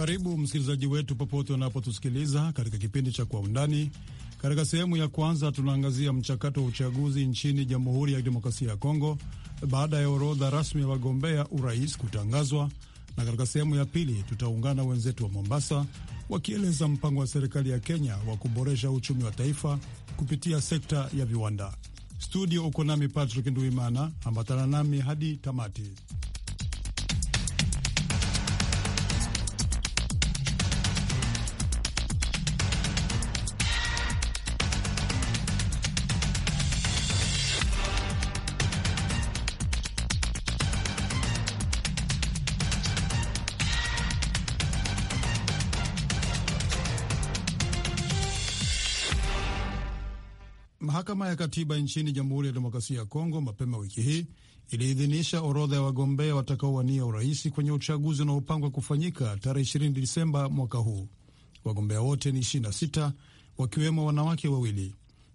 Karibu msikilizaji wetu popote unapotusikiliza katika kipindi cha Kwa Undani. Katika sehemu ya kwanza, tunaangazia mchakato wa uchaguzi nchini Jamhuri ya Kidemokrasia ya Kongo baada ya orodha rasmi ya wagombea urais kutangazwa, na katika sehemu ya pili tutaungana wenzetu wa Mombasa wakieleza mpango wa serikali ya Kenya wa kuboresha uchumi wa taifa kupitia sekta ya viwanda. Studio uko nami Patrick Nduimana, ambatana nami hadi tamati. Mahakama ya Katiba nchini Jamhuri ya Demokrasia ya Kongo mapema wiki hii iliidhinisha orodha ya wagombea watakaowania urais kwenye uchaguzi unaopangwa kufanyika tarehe 20 Disemba mwaka huu. Wagombea wote ni 26 wakiwemo wanawake wawili.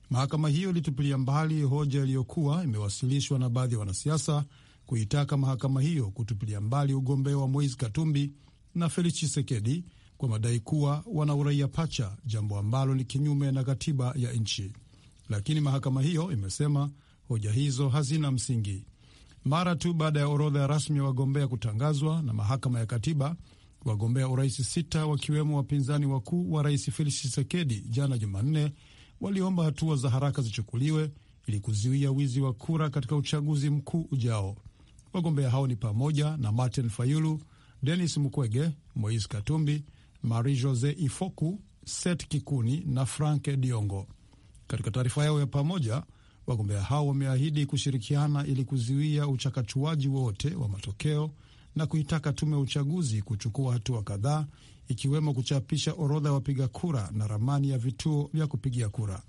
Mahakama hiyo ilitupilia mbali hoja iliyokuwa imewasilishwa na baadhi ya wanasiasa kuitaka mahakama hiyo kutupilia mbali ugombea wa Moise Katumbi na Felix Tshisekedi kwa madai kuwa wana uraia pacha, jambo ambalo ni kinyume na katiba ya nchi lakini mahakama hiyo imesema hoja hizo hazina msingi. Mara tu baada ya orodha ya rasmi ya wagombea kutangazwa na mahakama ya katiba, wagombea urais sita wakiwemo wapinzani wakuu wa rais Felix chisekedi jana Jumanne waliomba hatua za haraka zichukuliwe ili kuzuia wizi wa kura katika uchaguzi mkuu ujao. Wagombea hao ni pamoja na Martin Fayulu, Denis Mukwege, Moise Katumbi, Marie Jose Ifoku, Seth Kikuni na Frank Diongo. Katika taarifa yao ya pamoja, wagombea hao wameahidi kushirikiana ili kuzuia uchakachuaji wote wa matokeo na kuitaka tume ya uchaguzi kuchukua hatua kadhaa ikiwemo kuchapisha orodha ya wapiga kura na ramani ya vituo vya kupigia kura.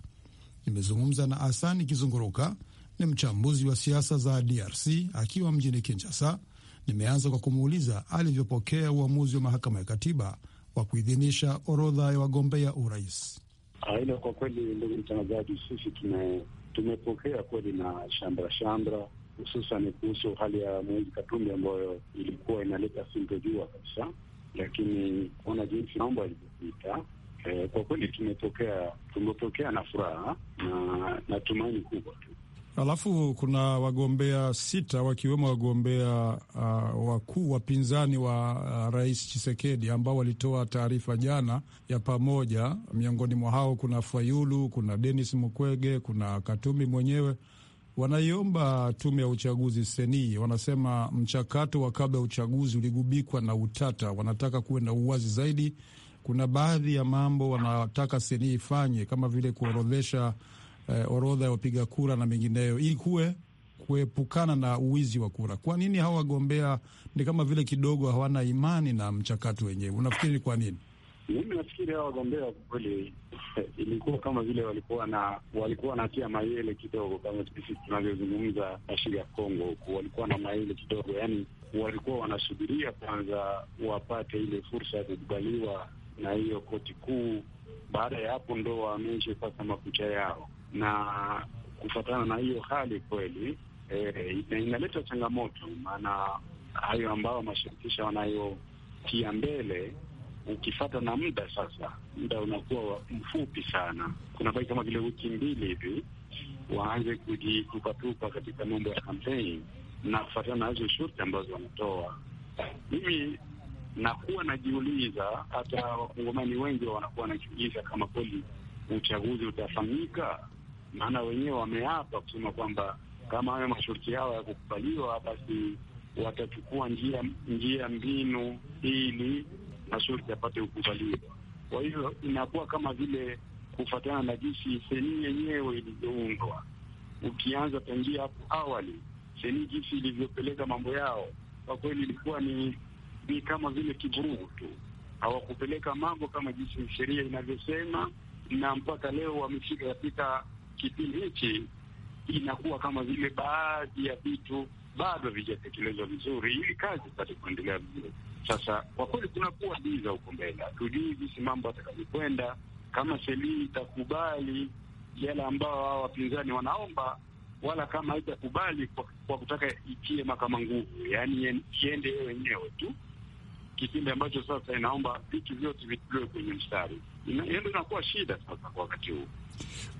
Nimezungumza na Asani Kizunguruka, ni mchambuzi wa siasa za DRC akiwa mjini Kinshasa. Nimeanza kwa kumuuliza alivyopokea uamuzi wa mahakama ya katiba wa kuidhinisha orodha ya wagombea urais. Aina kwa kweli, ndugu mtangazaji, sisi tume, tumepokea kweli na shambra shambra hususan kuhusu hali ya Moise Katumbi ambayo ilikuwa inaleta sintojua kabisa, lakini kuona jinsi mambo yalivyopita eh, kwa kweli tumepokea tumepokea na furaha na natumaini kubwa tu. Alafu kuna wagombea sita wakiwemo wagombea uh, wakuu wapinzani wa uh, Rais Chisekedi ambao walitoa taarifa jana ya pamoja. Miongoni mwa hao kuna Fayulu, kuna Denis Mukwege, kuna Katumi mwenyewe. Wanaiomba tume ya uchaguzi seni, wanasema mchakato wa kabla ya uchaguzi uligubikwa na utata, wanataka kuwe na uwazi zaidi. Kuna baadhi ya mambo wanataka seni ifanye kama vile kuorodhesha eh, orodha ya wapiga kura na mengineyo, ili kuwe kuepukana na uwizi wa kura. Kwa nini hawa wagombea ni kama vile kidogo hawana imani na mchakato wenyewe? Unafikiri ni kwa nini? Mimi nafikiri hawa wagombea kweli eh, ilikuwa kama vile walikuwa na walikuwa tia mayele kidogo, kama sisi tunavyozungumza na ya Kongo huku, walikuwa na mayele kidogo, yani walikuwa wanasubiria kwanza wapate ile fursa ya kukubaliwa na hiyo koti kuu. Baada ya hapo ndo waameshe sasa makucha yao na kufuatana na hiyo hali kweli e, inaleta changamoto, maana hayo ambayo mashirikisho wanayotia mbele ukifata na muda sasa, muda unakuwa mfupi sana, kuna bai kama vile wiki mbili hivi waanze kujitupatupa katika mambo ya kampeni na kufuatana na hizo shurti ambazo wanatoa. Mimi nakuwa najiuliza, hata wakongomani wengi wanakuwa wanajiuliza kama kweli uchaguzi utafanyika maana wenyewe wameapa kusema kwamba kama hayo masharti yao yakukubaliwa, basi watachukua njia njia mbinu ili masharti yapate kukubaliwa. Kwa hiyo inakuwa kama vile kufuatana na jinsi seni yenyewe ilivyoundwa. Ukianza tangia hapo awali, seni jinsi ilivyopeleka mambo yao, kwa kweli ilikuwa ni ni kama vile kivurugu tu, hawakupeleka mambo kama jinsi sheria inavyosema, na mpaka leo wamefika katika kipindi hichi inakuwa kama vile baadhi ya vitu bado havijatekelezwa vizuri ili kazi ipate kuendelea vizuri. Sasa kwa kweli kunakuwa biza huko mbele, hatujui jinsi mambo atakavyokwenda, kama selii itakubali yale ambao hawa wapinzani wanaomba, wala kama haitakubali kwa, kwa kutaka itie mahakama nguvu, yaani iende yeye wenyewe tu, kipindi ambacho sasa inaomba vitu vyote vitolewe kwenye mstari, hiyo ndo inakuwa shida sasa kwa wakati huu.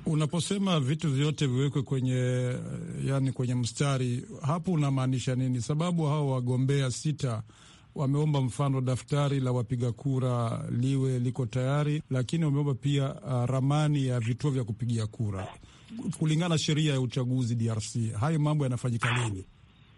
Unaposema vitu vyote viwekwe kwenye eh, yani kwenye mstari, hapo unamaanisha nini? Sababu hao wagombea sita wameomba mfano daftari la wapiga kura liwe liko tayari, lakini wameomba pia uh, ramani ya vituo vya kupigia kura kulingana sheria ya uchaguzi DRC. Hayo mambo yanafanyika lini?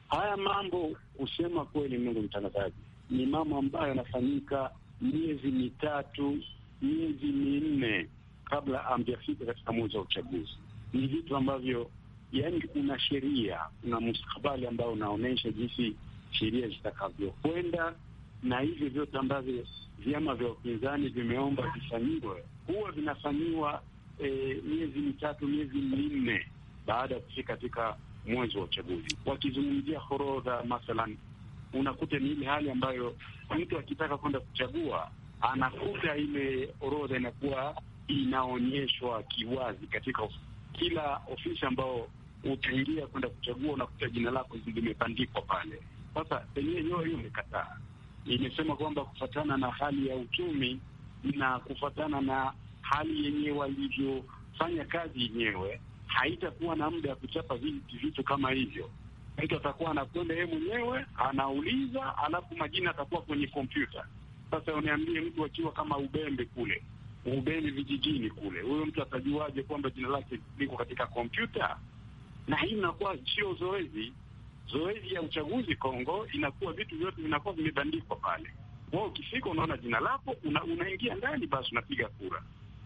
Haya mambo kusema kweli, Mungu mtangazaji, ni mambo ambayo yanafanyika miezi mitatu, miezi minne kabla amjafika katika mwezi wa uchaguzi. Ni vitu ambavyo yani, kuna sheria kuna mustakabali ambao unaonyesha jinsi sheria zitakavyokwenda, na hivyo vyote ambavyo vyama vya upinzani vimeomba vifanyiwe huwa vinafanyiwa e, miezi mitatu miezi minne baada ya kufika katika mwezi wa uchaguzi. Wakizungumzia horodha mathalan, unakuta ni ile hali ambayo mtu akitaka kwenda kuchagua anakuta ile orodha inakuwa inaonyeshwa kiwazi katika of, kila ofisi ambao utaingia kwenda kuchagua, unakuta jina lako limepandikwa pale. Sasa yenyewe hiyo hiyo imekataa, imesema kwamba kufatana na hali ya uchumi na kufatana na hali yenyewe walivyofanya kazi yenyewe, haitakuwa na muda ya kuchapa vitu kama hivyo. Mtu atakuwa anakwenda yeye mwenyewe anauliza, alafu majina atakuwa kwenye kompyuta. Sasa uniambie, mtu akiwa kama Ubembe kule umbeni vijijini kule, huyo mtu atajuaje kwamba jina lake liko katika kompyuta? Na hii inakuwa sio zoezi. Zoezi ya uchaguzi Kongo inakuwa vitu vyote vinakuwa vimebandikwa pale, wao ukifika unaona jina lako una, unaingia ndani, basi unapiga kura.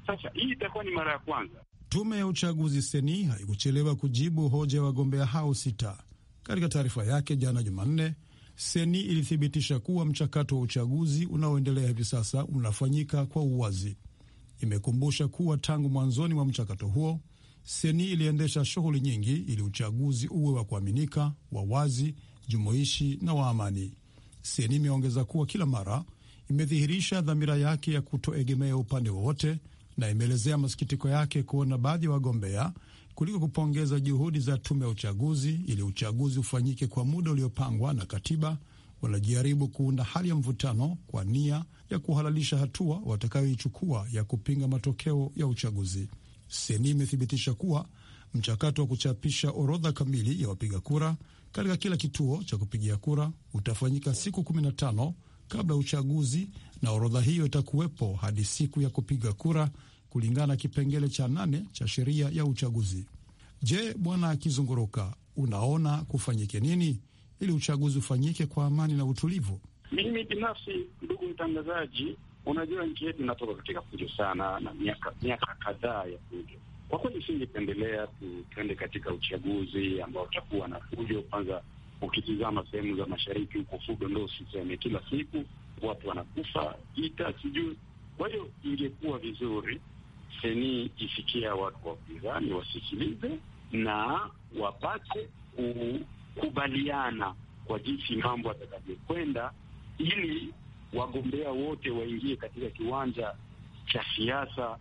Sasa hii itakuwa ni mara ya kwanza. Tume ya uchaguzi seni haikuchelewa kujibu hoja ya wagombea hao sita. Katika taarifa yake jana Jumanne, seni ilithibitisha kuwa mchakato wa uchaguzi unaoendelea hivi sasa unafanyika kwa uwazi imekumbusha kuwa tangu mwanzoni mwa mchakato huo Seni iliendesha shughuli nyingi ili uchaguzi uwe wa kuaminika, wa wazi, jumuishi na wa amani. Seni imeongeza kuwa kila mara imedhihirisha dhamira yake ya kutoegemea upande wowote na imeelezea masikitiko yake kuona baadhi ya wagombea kuliko kupongeza juhudi za tume ya uchaguzi ili uchaguzi ufanyike kwa muda uliopangwa na katiba wanajaribu kuunda hali ya mvutano kwa nia ya kuhalalisha hatua watakayoichukua ya kupinga matokeo ya uchaguzi. Seni imethibitisha kuwa mchakato wa kuchapisha orodha kamili ya wapiga kura katika kila kituo cha kupigia kura utafanyika siku 15 kabla ya uchaguzi, na orodha hiyo itakuwepo hadi siku ya kupiga kura kulingana na kipengele cha nane cha sheria ya uchaguzi. Je, Bwana Akizunguruka, unaona kufanyike nini? ili uchaguzi ufanyike kwa amani na utulivu? Mimi binafsi, ndugu mtangazaji, unajua nchi yetu inatoka katika fujo sana na miaka miaka kadhaa ya fujo. Kwa kweli, singependelea tuende katika uchaguzi ambao utakuwa na fujo. Kwanza ukitizama sehemu za mashariki huko, fujo ndo siseme, kila siku watu wanakufa vita, sijui. Kwa hiyo ingekuwa vizuri seni ifikia watu wa upinzani wasikilize na wapate kubaliana kwa jinsi mambo atakavyokwenda ili wagombea wote waingie katika kiwanja cha siasa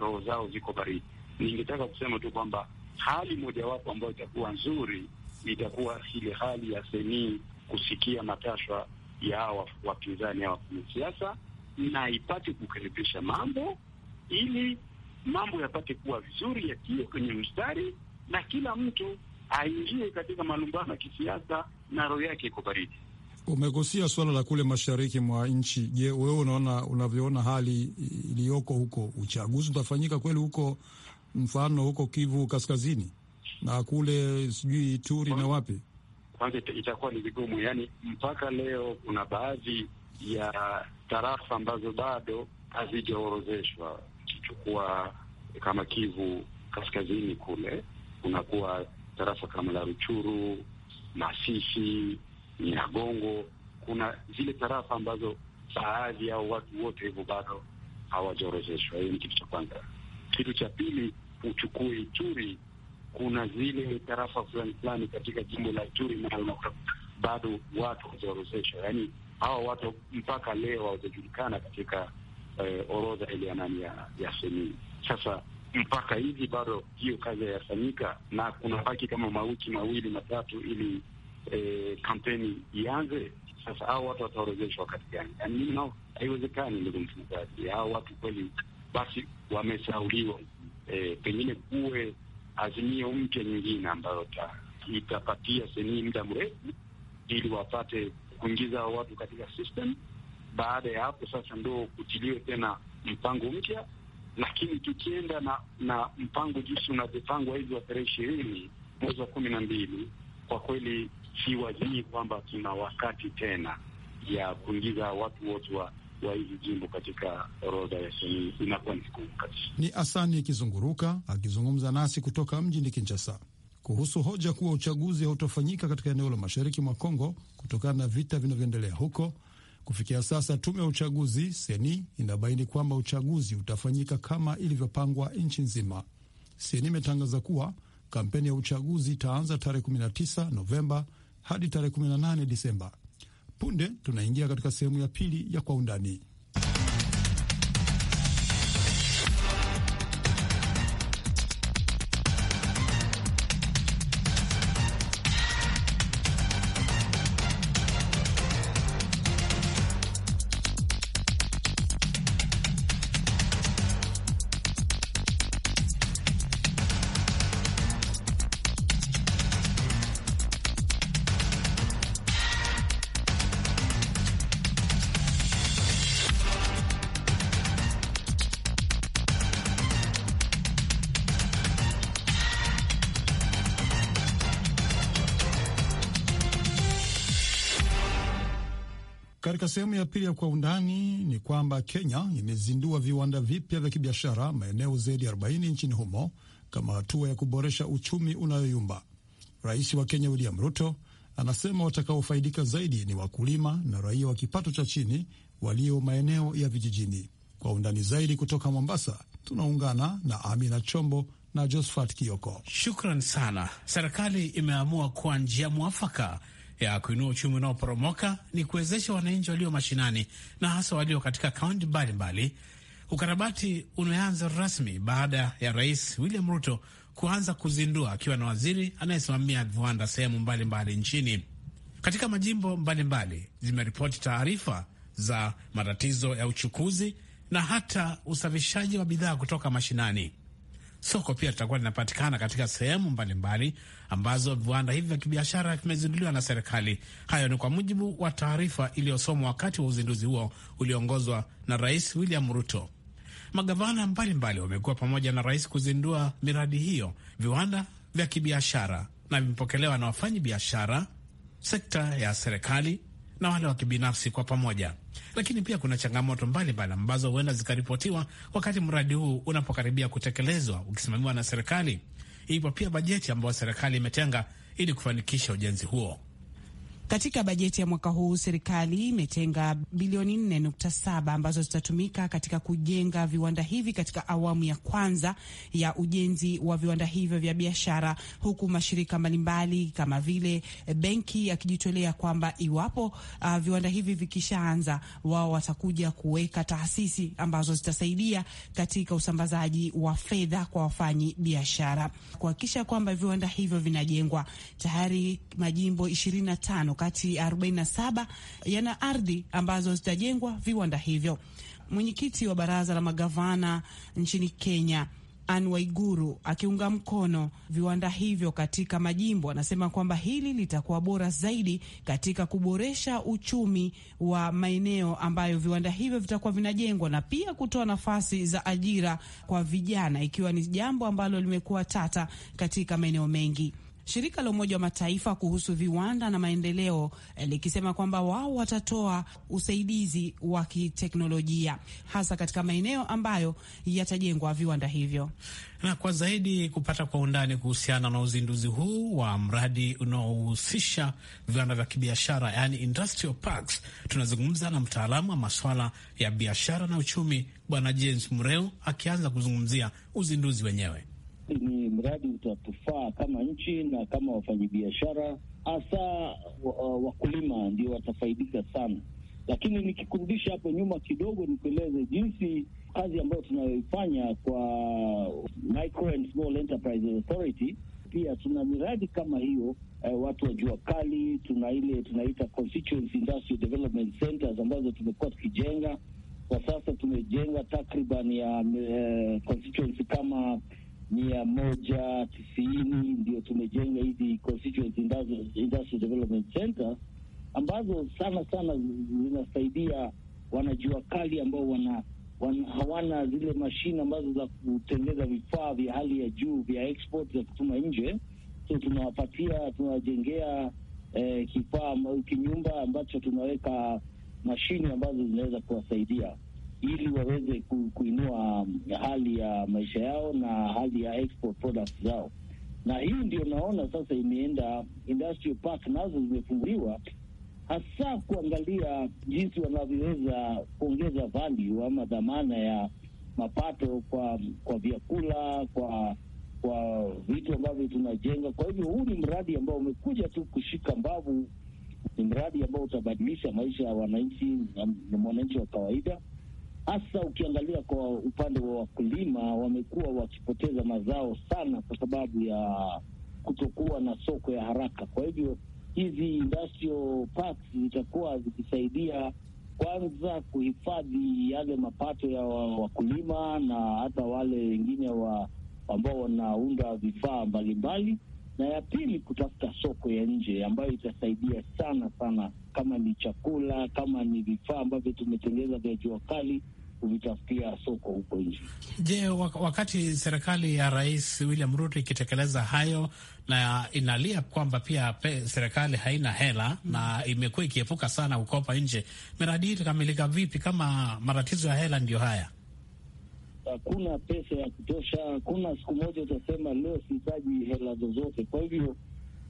roho zao ziko baridi. Ningetaka kusema tu kwamba hali mojawapo ambayo itakuwa nzuri itakuwa ile hali ya senii kusikia matashwa ya hawa wapinzani hawa kwenye siasa, na ipate kukaribisha mambo ili mambo yapate kuwa vizuri, yakiwe kwenye mstari na kila mtu aingie katika malumbano ya kisiasa na roho yake iko baridi. Umegusia suala la kule mashariki mwa nchi. Je, wewe unaona, unavyoona hali iliyoko huko, uchaguzi utafanyika kweli huko, mfano huko Kivu Kaskazini na kule sijui Ituri na wapi? Kwanza itakuwa ni vigumu, yaani mpaka leo kuna baadhi ya tarafa ambazo bado hazijaorozeshwa, ukichukua kama Kivu Kaskazini kule kunakuwa tarafa kama la Ruchuru, Masisi, Nyiragongo. Kuna zile tarafa ambazo baadhi au watu wote hivyo bado hawajaorozeshwa. Hiyo ni kitu cha kwanza. Kitu cha pili, uchukue Ituri, kuna zile tarafa fulani fulani katika jimbo la Ituri nalo unakuta bado watu hawajaorozeshwa, yaani hawa watu mpaka leo hawajajulikana katika eh, orodha ile ya nani ya, ya seni sasa mpaka hivi bado hiyo kazi hayafanyika, na kuna mm. baki kama mawiki mawili matatu ili e, kampeni ianze. Sasa hao watu wataorezeshwa wakati gani? Yani mimi nao haiwezekani, ndugu mtangazaji. Hao watu kweli basi wamesauliwa. E, eh, pengine kuwe azimio mpya nyingine ambayo itapatia seni muda mrefu ili wapate kuingiza watu katika system. Baada ya hapo sasa ndo kutiliwe tena mpango mpya lakini tukienda na na mpango jinsi unavyopangwa hivi wa tarehe ishirini mwezi wa kumi na mbili, kwa kweli si wazii kwamba tuna wakati tena ya kuingiza watu wote wa wa hizi jimbo katika orodha ya seni inakuwa ni vigumu kabisa. Ni Asani Kizunguruka akizungumza nasi kutoka mjini Kinshasa kuhusu hoja kuwa uchaguzi hautofanyika katika eneo la mashariki mwa Kongo kutokana na vita vinavyoendelea huko Kufikia sasa tume ya uchaguzi seni inabaini kwamba uchaguzi utafanyika kama ilivyopangwa nchi nzima. Seni imetangaza kuwa kampeni ya uchaguzi itaanza tarehe 19 Novemba hadi tarehe 18 Disemba. Punde tunaingia katika sehemu ya pili ya Kwa Undani. sehemu ya pili ya Kwa Undani ni kwamba Kenya imezindua viwanda vipya vya kibiashara maeneo zaidi ya 40 nchini humo kama hatua ya kuboresha uchumi unayoyumba. Rais wa Kenya William Ruto anasema watakaofaidika zaidi ni wakulima na raia wa kipato cha chini walio maeneo ya vijijini. Kwa undani zaidi kutoka Mombasa, tunaungana na Amina Chombo na Josephat Kioko. Shukran sana. Serikali imeamua kwa njia mwafaka ya kuinua uchumi unaoporomoka ni kuwezesha wananchi walio mashinani na hasa walio katika kaunti mbalimbali. Ukarabati umeanza rasmi baada ya Rais William Ruto kuanza kuzindua akiwa na waziri anayesimamia viwanda sehemu mbalimbali nchini. Katika majimbo mbalimbali zimeripoti taarifa za matatizo ya uchukuzi na hata usafishaji wa bidhaa kutoka mashinani. Soko pia litakuwa linapatikana katika sehemu mbalimbali ambazo viwanda hivi vya kibiashara vimezinduliwa na serikali. Hayo ni kwa mujibu wa taarifa iliyosomwa wakati wa uzinduzi huo ulioongozwa na Rais William Ruto. Magavana mbalimbali wamekuwa pamoja na rais kuzindua miradi hiyo. Viwanda vya kibiashara na vimepokelewa na wafanyi biashara, sekta ya serikali na wale wa kibinafsi kwa pamoja, lakini pia kuna changamoto mbalimbali ambazo huenda zikaripotiwa wakati mradi huu unapokaribia kutekelezwa ukisimamiwa na serikali. Ipo pia bajeti ambayo serikali imetenga ili kufanikisha ujenzi huo. Katika bajeti ya mwaka huu serikali imetenga bilioni 4.7 ambazo zitatumika katika kujenga viwanda hivi katika awamu ya kwanza ya ujenzi wa viwanda hivyo vya biashara, huku mashirika mbalimbali kama vile benki yakijitolea kwamba iwapo uh, viwanda hivi vikishaanza, wao watakuja kuweka taasisi ambazo zitasaidia katika usambazaji wa fedha kwa wafanyi biashara kuhakikisha kwamba viwanda hivyo vinajengwa. Tayari majimbo 25 wakati 47 yana ardhi ambazo zitajengwa viwanda hivyo. Mwenyekiti wa baraza la magavana nchini Kenya Anne Waiguru akiunga mkono viwanda hivyo katika majimbo, anasema kwamba hili litakuwa bora zaidi katika kuboresha uchumi wa maeneo ambayo viwanda hivyo vitakuwa vinajengwa na pia kutoa nafasi za ajira kwa vijana, ikiwa ni jambo ambalo limekuwa tata katika maeneo mengi shirika la Umoja wa Mataifa kuhusu viwanda na maendeleo eh, likisema kwamba wao watatoa usaidizi wa kiteknolojia hasa katika maeneo ambayo yatajengwa viwanda hivyo. Na kwa zaidi kupata kwa undani kuhusiana na uzinduzi huu wa mradi unaohusisha viwanda vya kibiashara, yani industrial parks, tunazungumza na mtaalamu wa maswala ya biashara na uchumi Bwana James Mureu akianza kuzungumzia uzinduzi wenyewe mradi utatufaa kama nchi na kama wafanyabiashara, hasa wakulima ndio watafaidika sana. Lakini nikikurudisha hapo nyuma kidogo, nikueleze jinsi kazi ambayo tunayoifanya kwa Micro and Small Enterprises Authority. Pia tuna miradi kama hiyo eh, watu wa jua kali, tuna ile tunaita constituency industrial development centers ambazo tumekuwa tukijenga kwa sasa. Tumejenga takriban ya eh, constituency kama mia moja tisini ndio tumejenga hizi constituent industrial development center ambazo sana sana zinasaidia wanajua kali ambao wana, wana hawana zile mashine ambazo za kutengeza vifaa vya hali ya juu vya export za kutuma nje. So tunawapatia tunawajengea eh, kifaa kinyumba ambacho tunaweka mashine ambazo zinaweza kuwasaidia ili waweze ku, ku hali ya maisha yao na hali ya export products zao, na hii ndio naona sasa imeenda industrial park nazo zimefunguliwa hasa kuangalia jinsi wanavyoweza kuongeza value ama dhamana ya mapato kwa kwa vyakula, kwa kwa vitu ambavyo tunajenga. Kwa hivyo huu ni mradi ambao umekuja tu kushika mbavu, ni mradi ambao utabadilisha maisha ya wananchi na mwananchi wa kawaida hasa ukiangalia kwa upande wa wakulima, wamekuwa wakipoteza mazao sana kwa sababu ya kutokuwa na soko ya haraka. Kwa hivyo hizi industrial parks zitakuwa zikisaidia kwanza kuhifadhi yale mapato ya wakulima na hata wale wengine wa ambao wanaunda vifaa mbalimbali, na ya pili kutafuta soko ya nje ambayo itasaidia sana sana kama ni chakula, kama ni vifaa ambavyo tumetengeza vya jua kali kuvitafutia soko huko nje. Je, wakati serikali ya Rais William Ruto ikitekeleza hayo na inalia kwamba pia serikali haina hela mm, na imekuwa ikiepuka sana kukopa nje, miradi hii itakamilika vipi kama matatizo ya hela ndio haya? Hakuna pesa ya kutosha. Hakuna siku moja utasema leo sihitaji hela zozote, kwa hivyo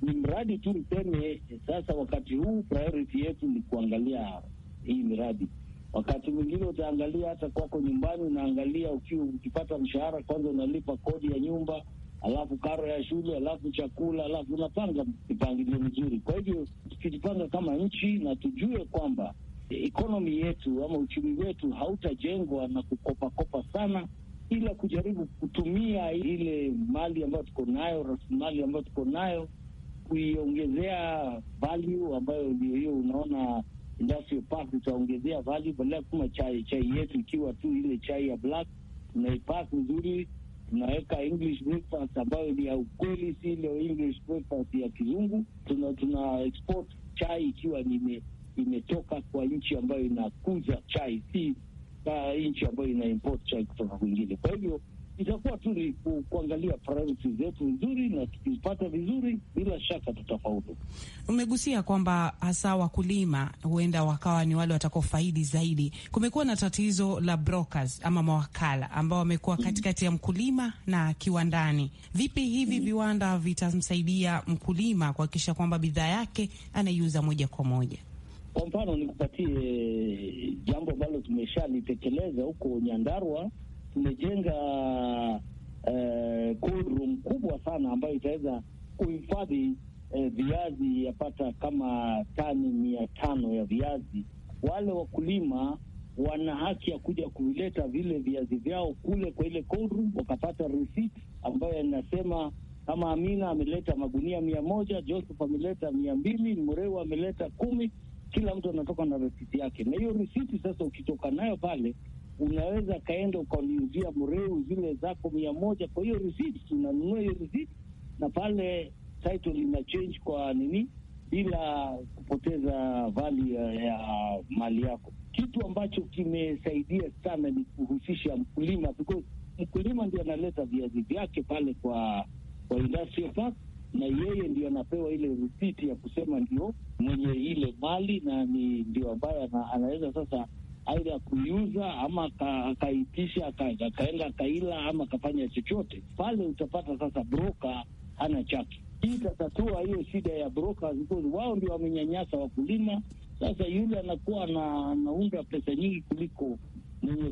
ni mradi tu mseme. Sasa wakati huu priority yetu ni kuangalia hii miradi. Wakati mwingine utaangalia hata kwako nyumbani, unaangalia ukiwa ukipata mshahara, kwanza unalipa kodi ya nyumba, alafu karo ya shule, alafu chakula, alafu unapanga mipangilio mizuri. Kwa hivyo tukijipanga kama nchi na tujue kwamba ekonomi yetu ama uchumi wetu hautajengwa na kukopakopa sana, ila kujaribu kutumia ile mali ambayo tuko nayo, rasilimali ambayo tuko nayo kuiongezea value ambayo ndio hiyo unaona industrial park tutaongezea value, badala ya kuma chai chai yetu ikiwa tu ile chai ya black, tunaipak vizuri, tunaweka English breakfast ambayo ni ya ukweli, si ile English breakfast ya kizungu. Tuna, tuna export chai ikiwa nime, imetoka kwa nchi ambayo inakuza chai, si ah, nchi ambayo ina import chai kutoka kwingine. Kwa hivyo itakuwa tu ni kuangalia priority zetu nzuri, na tukipata vizuri, bila shaka tutafaulu. Umegusia kwamba hasa wakulima huenda wakawa ni wale watakaofaidi zaidi. Kumekuwa na tatizo la brokers ama mawakala ambao wamekuwa mm-hmm. katikati ya mkulima na kiwandani. Vipi hivi mm-hmm. viwanda vitamsaidia mkulima kuhakikisha kwamba bidhaa yake anaiuza moja kwa moja? Kwa mfano nikupatie jambo ambalo tumeshalitekeleza huko Nyandarua tumejenga uh, eh, cold room kubwa sana ambayo itaweza kuhifadhi uh, viazi yapata kama tani mia tano ya viazi. Wale wakulima wana haki ya kuja kuvileta vile viazi vyao kule kwa ile cold room, wakapata receipt ambayo inasema kama Amina ameleta magunia mia moja, Joseph ameleta mia mbili, Mreu ameleta kumi. Kila mtu anatoka na risiti yake, na hiyo risiti sasa ukitoka nayo pale unaweza kaenda ukaniuzia mreu zile zako mia moja kwa hiyo risiti, unanunua hiyo risiti na pale title ina change kwa nini, bila kupoteza vali ya, ya mali yako. Kitu ambacho kimesaidia sana ni kuhusisha mkulima, because mkulima ndio analeta viazi vyake pale kwa kwa industrial park, na yeye ndio anapewa ile risiti ya kusema ndio mwenye ile mali na ni ndio ambayo anaweza sasa aidha kuiuza ama akaitisha akaenda akaila ama akafanya chochote pale, utapata sasa broka hana chake. Hii itatatua hiyo shida ya broka, wao ndio wamenyanyasa wakulima. Sasa yule anakuwa na, anaunda pesa nyingi kuliko mwenye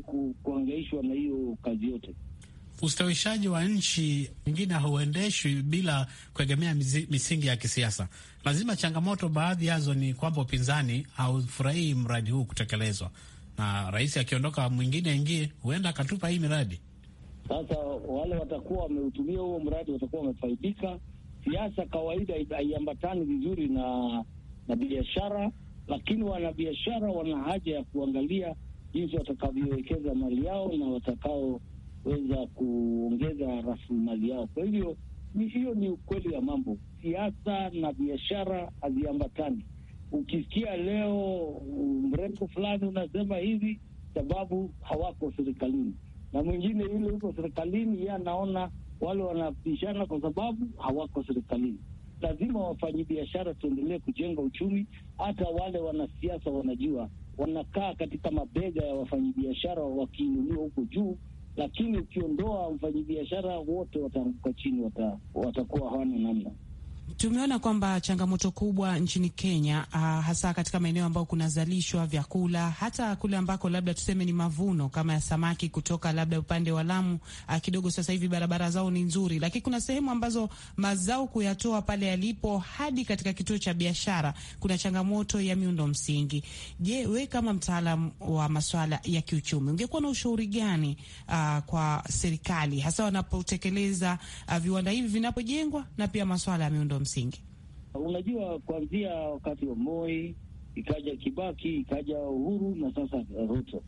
kuangaishwa na hiyo kazi yote. Ustawishaji wa nchi nyingine hauendeshwi bila kuegemea misingi ya kisiasa. Lazima changamoto baadhi yazo ni kwamba upinzani haufurahii mradi huu kutekelezwa, na rais akiondoka mwingine ingie, huenda akatupa hii miradi. Sasa wale watakuwa wameutumia huo mradi watakuwa wamefaidika. Siasa kawaida haiambatani vizuri na na biashara, lakini wanabiashara wana haja ya kuangalia jinsi watakavyowekeza mali yao na watakaoweza kuongeza rasilimali yao. Kwa hivyo hiyo ni ukweli wa mambo, siasa na biashara haziambatani ukisikia leo mrefu fulani unasema hivi, sababu hawako serikalini, na mwingine yule yuko serikalini, yeye anaona wale wanapishana kwa sababu hawako serikalini. Lazima biashara tuendelee kujenga uchumi. Hata wale wanasiasa wanajua, wanakaa katika mabega ya wafanyibiashara wakiinuliwa huko juu, lakini ukiondoa mfanyibiashara wote wataanguka chini, watakuwa hawana namna. Tumeona kwamba changamoto kubwa nchini Kenya uh, hasa katika maeneo ambayo kunazalishwa vyakula hata kule ambako labda tuseme ni mavuno kama ya samaki kutoka labda upande wa Lamu uh, kidogo sasa hivi barabara zao ni nzuri, lakini kuna sehemu ambazo mazao kuyatoa pale yalipo hadi katika kituo cha biashara kuna changamoto ya miundo msingi. Je, we kama mtaalam wa maswala ya kiuchumi ungekuwa na ushauri gani uh, kwa serikali hasa wanapotekeleza uh, viwanda hivi vinapojengwa na pia maswala ya miundo wa msingi? Unajua, kuanzia wakati wa Moi ikaja Kibaki ikaja Uhuru na sasa Ruto,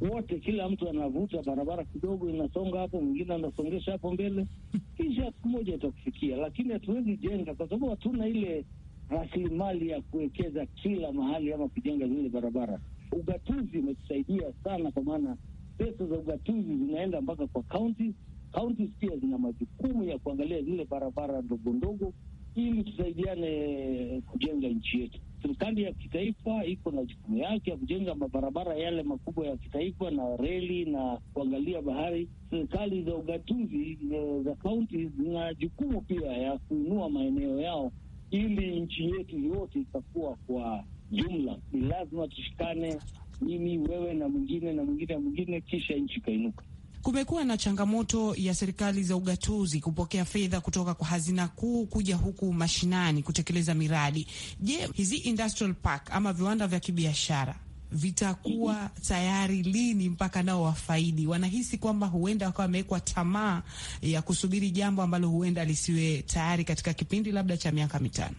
wote kila mtu anavuta barabara kidogo, inasonga hapo, mwingine anasongesha hapo mbele, kisha siku moja itakufikia. Lakini hatuwezi jenga kwa sababu hatuna ile rasilimali ya kuwekeza kila mahali ama kujenga zile barabara. Ugatuzi umetusaidia sana, kwa maana pesa za ugatuzi zinaenda mpaka kwa kaunti. Kaunti pia zina majukumu ya kuangalia zile barabara ndogo ndogo ili tusaidiane kujenga nchi yetu. Serikali ya kitaifa iko na jukumu yake ya kujenga mabarabara yale makubwa ya kitaifa na reli na kuangalia bahari. Serikali za ugatuzi eh, za kaunti zina jukumu pia ya kuinua maeneo yao, ili nchi yetu yote itakuwa kwa jumla. Ni lazima tushikane, mimi wewe na mwingine na mwingine na mwingine, kisha nchi ikainuka. Kumekuwa na changamoto ya serikali za ugatuzi kupokea fedha kutoka kwa hazina kuu kuja huku mashinani kutekeleza miradi. Je, hizi industrial park ama viwanda vya kibiashara vitakuwa tayari lini mpaka nao wafaidi? Wanahisi kwamba huenda wakawa wamewekwa tamaa ya kusubiri jambo ambalo huenda lisiwe tayari katika kipindi labda cha miaka mitano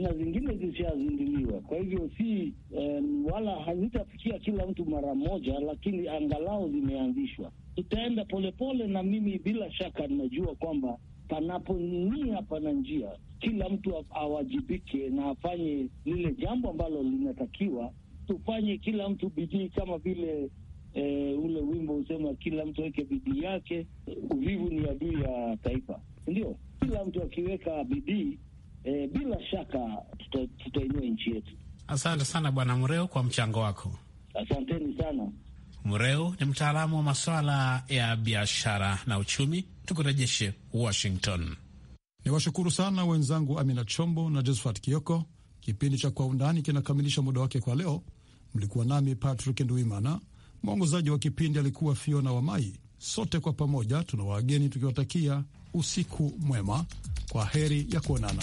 na zingine zishazinduliwa. Kwa hivyo si um, wala hazitafikia kila mtu mara moja, lakini angalau zimeanzishwa tutaenda polepole, na mimi bila shaka ninajua kwamba panapo nia pana njia. Kila mtu awajibike na afanye lile jambo ambalo linatakiwa. Tufanye kila mtu bidii, kama vile e, ule wimbo husema kila mtu aweke bidii yake, uvivu ni adui ya taifa. Ndio, kila mtu akiweka bidii e, bila shaka tutainua tuta nchi yetu. Asante sana Bwana Mreo kwa mchango wako, asanteni sana mreu ni mtaalamu wa masuala ya biashara na uchumi. Tukurejeshe Washington. Ni washukuru sana wenzangu Amina Chombo na Josephat Kioko. Kipindi cha Kwa Undani kinakamilisha muda wake kwa leo. Mlikuwa nami Patrick Nduimana, mwongozaji wa kipindi alikuwa Fiona Wamai. Sote kwa pamoja tuna wageni tukiwatakia usiku mwema. Kwa heri ya kuonana.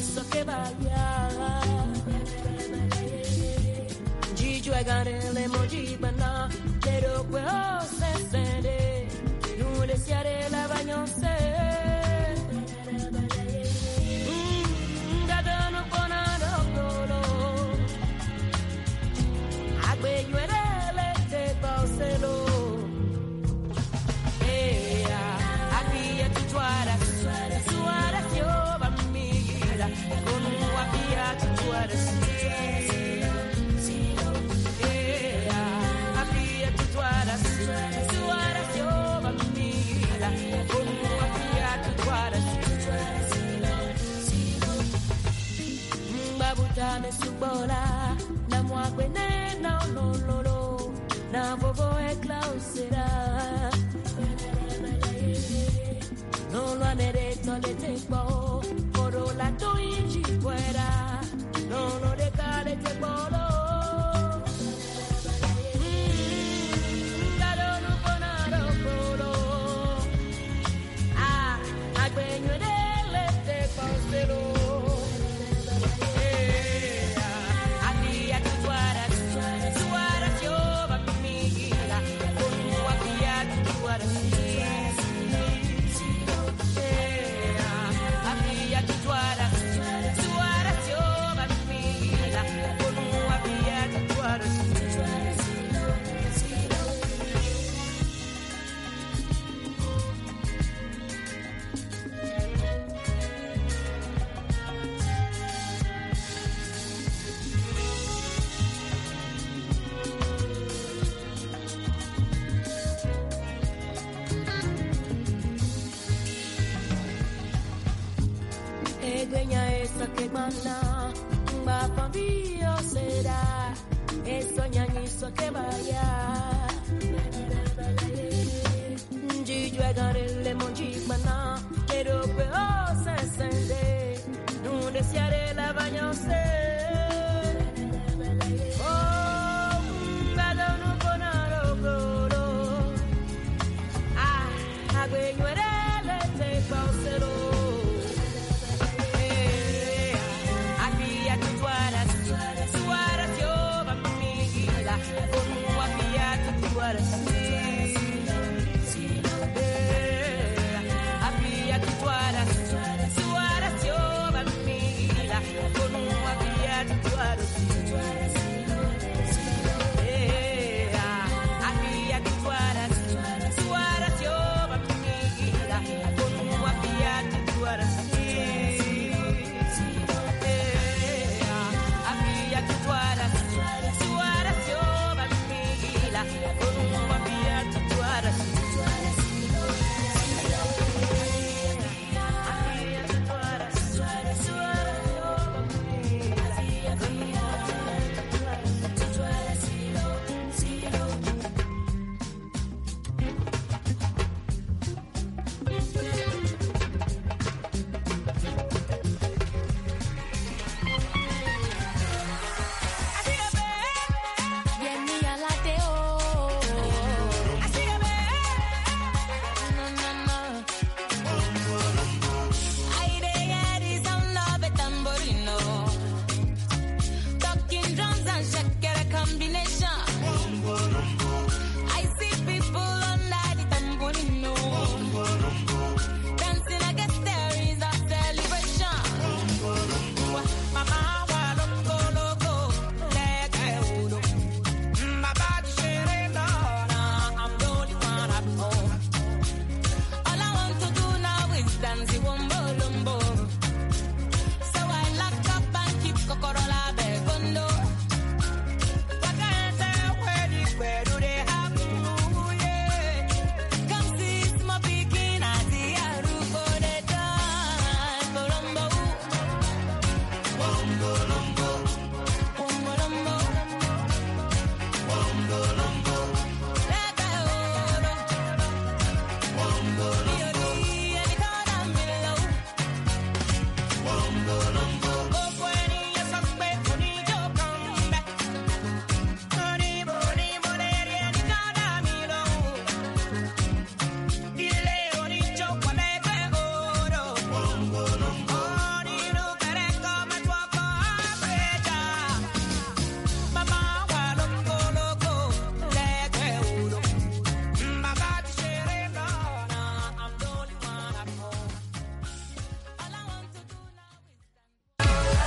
quiso que vaya.